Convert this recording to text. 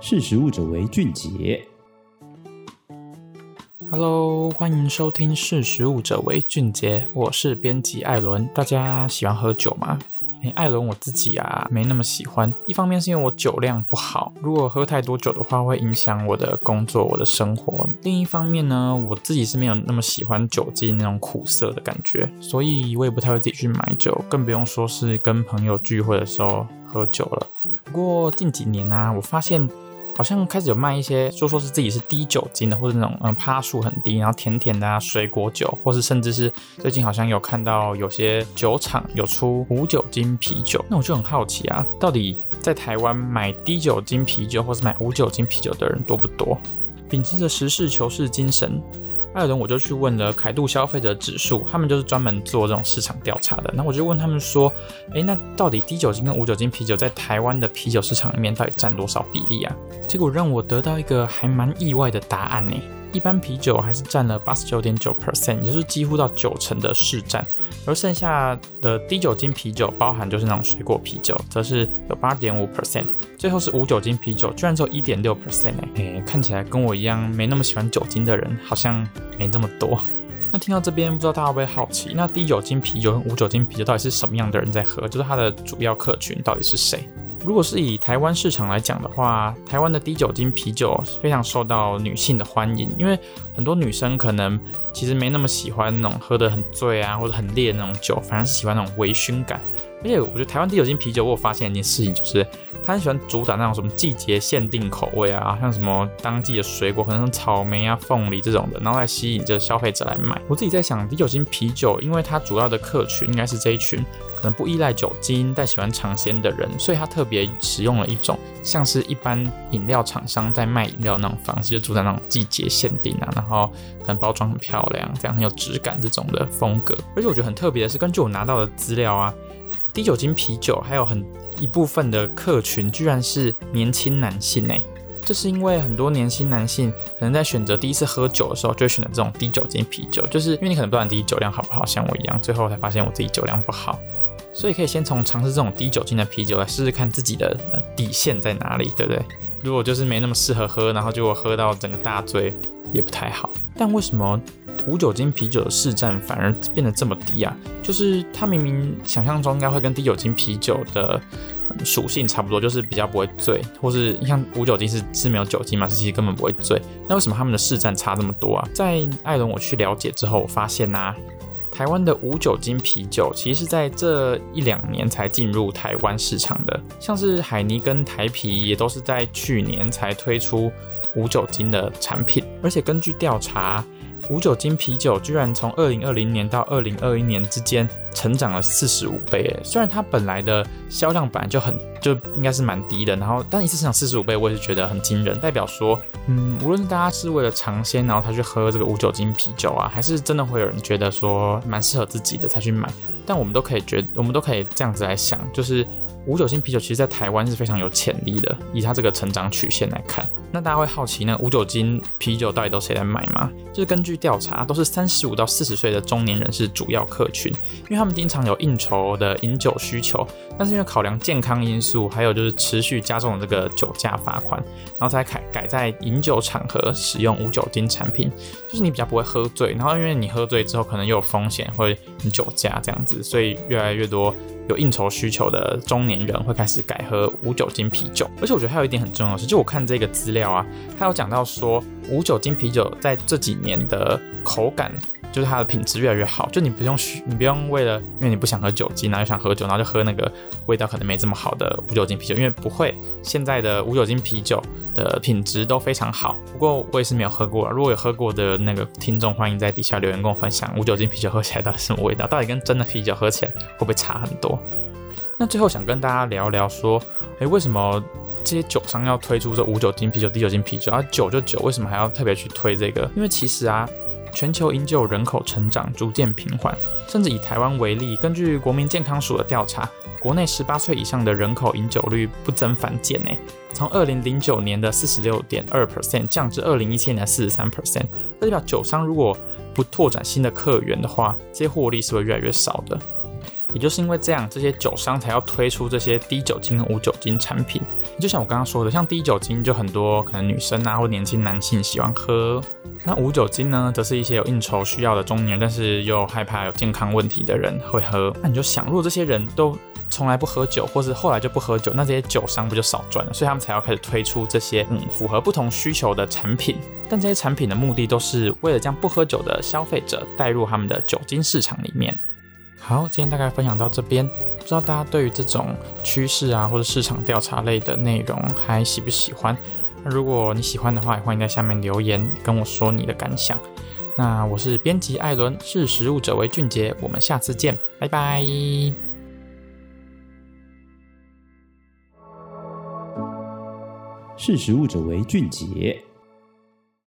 識食物者為俊傑。Hello，歡迎收聽《識食物者為俊傑》，我是編輯艾倫。大家喜歡喝酒嗎？哎，艾倫我自己啊，沒那麼喜歡。一方面是因為我酒量不好，如果喝太多酒的話，會影響我的工作、我的生活。另一方面呢，我自己是沒有那麼喜歡酒精那種苦澀的感覺，所以我也不太會自己去買酒，更不用說是跟朋友聚會的時候喝酒了。不過近幾年呢，啊，我發現。好像開始有賣一些說，說是自己是低酒精的，或者那種嗯趴數很低，然後甜甜的啊水果酒，或是甚至是最近好像有看到有些酒廠有出無酒精啤酒，那我就很好奇啊，到底在台灣買低酒精啤酒或是買無酒精啤酒的人多不多？秉持着實事求是精神。艾倫，我就去問了凱度消費者指數，他們就是專門做這種市場調查的。那我就問他們說：“誒，那到底低酒精跟無酒精啤酒在台灣的啤酒市場裡面到底佔多少比例啊？”結果讓我得到一個還蠻意外的答案呢、欸。一般啤酒還是占了八十九點九 percent，也就是幾乎到九成的市占，而剩下的低酒精啤酒，包含就是那種水果啤酒，則是有八點五 percent，最後是無酒精啤酒，居然只有一點六 percent 哎，看起來跟我一樣沒那麼喜歡酒精的人，好像沒那麼多。那聽到這邊，不知道大家會不會好奇，那低酒精啤酒跟無酒精啤酒到底是什麼樣的人在喝？就是它的主要客群到底是誰？如果是以台灣市場來講的話，台灣的低酒精啤酒是非常受到女性的歡迎，因為很多女生可能其實沒那麼喜歡那種喝得很醉啊，或者很烈的那種酒，反而是喜歡那種微醺感。而且我覺得台灣低酒精啤酒，我有發現的一件事情，就是他很喜歡主打那種什麼季節限定口味啊，像什麼當季的水果，可能草莓啊、鳳梨這種的，然後來吸引這消費者來買。我自己在想，低酒精啤酒，因為它主要的客群應該是這一群，可能不依賴酒精但喜歡嘗鮮的人，所以它特別使用了一種像是一般飲料廠商在賣飲料那種方式，就主打那種季節限定啊，然後可能包裝很漂亮，這樣很有質感這種的風格。而且我覺得很特別的是，根據我拿到的資料啊。低酒精啤酒還有很一部分的客群，居然是年輕男性哎、欸，這是因為很多年輕男性可能在選擇第一次喝酒的時候，就選擇這種低酒精啤酒，就是因為你可能不知道你自己酒量好不好，像我一樣，最後才發現我自己酒量不好，所以可以先從嘗試這種低酒精的啤酒來試試看自己的底線在哪裡，對不對？如果就是沒那麼適合喝，然後結果喝到整個大醉也不太好，但為什麼？無酒精啤酒的市占反而變得這麼低啊？就是它明明想象中應該會跟低酒精啤酒的屬性差不多，就是比較不會醉，或是你像無酒精是是沒有酒精嘛，是其實根本不會醉。那為什麼他們的市占差這麼多啊？在艾倫我去了解之後，我發現啊，台灣的無酒精啤酒其實是在這一兩年才進入台灣市場的，像是海尼跟台啤也都是在去年才推出無酒精的產品，而且根據調查，無酒精啤酒居然從二零二零年到二零二一年之間成長了四十五倍，誒，雖然它本來的銷量本來就很就應該是蠻低的，然後但一次成長四十五倍，我也是覺得很驚人，代表說，嗯，無論大家是為了嘗鮮，然後他去喝這個無酒精啤酒啊，還是真的會有人覺得說蠻適合自己的才去買，但我們都可以覺得，我們都可以這樣子來想，就是。無酒精啤酒其實，在台灣是非常有潛力的。以它這個成長曲線來看，那大家會好奇呢，無酒精啤酒到底都誰來買嗎？就是根據調查，都是三十五到四十歲的中年人是主要客群，因為他們經常有應酬的飲酒需求。但是因為考量健康因素，還有就是持續加重這個酒駕罰款，然後才改改在飲酒場合使用無酒精產品，就是你比較不會喝醉，然後因為你喝醉之後可能又有風險會酒駕這樣子，所以越來越多。有應酬需求的中年人會開始改喝無酒精啤酒，而且我覺得還有一點很重要的是，就我看這個資料啊，它有講到說無酒精啤酒在這幾年的口感。就是它的品質越來越好，就你不用需，你不用為了，因為你不想喝酒精，然後又想喝酒，然後就喝那個味道可能沒這麼好的無酒精啤酒，因為不會，現在的無酒精啤酒的品質都非常好。不過我也是沒有喝過，如果有喝過的那個聽眾，歡迎在底下留言跟我分享無酒精啤酒喝起來到底什麼味道，到底跟真的啤酒喝起來會不會差很多？那最後想跟大家聊聊說，誒、欸，為什麼這些酒商要推出這無酒精啤酒、低酒精啤酒？啊，酒就酒，為什麼還要特別去推這個？因為其實啊。全球飲酒人口成長逐漸平緩，甚至以台灣為例，根據國民健康署的調查，國內十八歲以上的人口飲酒率不增反減呢，從二零零九年的四十六點二 percent 降至二零一七年的四十三 percent，代表酒商如果不拓展新的客源的話，這些獲利是會越來越少的。也就是因為這樣，這些酒商才要推出這些低酒精和無酒精產品。就像我剛剛說的，像低酒精就很多可能女生啊或年輕男性喜歡喝，那無酒精呢，則是一些有應酬需要的中年，但是又害怕有健康問題的人會喝。那你就想，若這些人都從來不喝酒，或是後來就不喝酒，那這些酒商不就少賺了？所以他們才要開始推出這些嗯，符合不同需求的產品。但這些產品的目的都是為了將不喝酒的消費者帶入他們的酒精市場裡面。好，今天大概分享到這邊，不知道大家對於這種趨勢啊或者市場調查類的內容還喜不喜歡？那如果你喜歡的話，也歡迎在下面留言跟我說你的感想。那我是編輯艾倫，識食物者為俊傑，我們下次見，拜拜。識食物者為俊傑。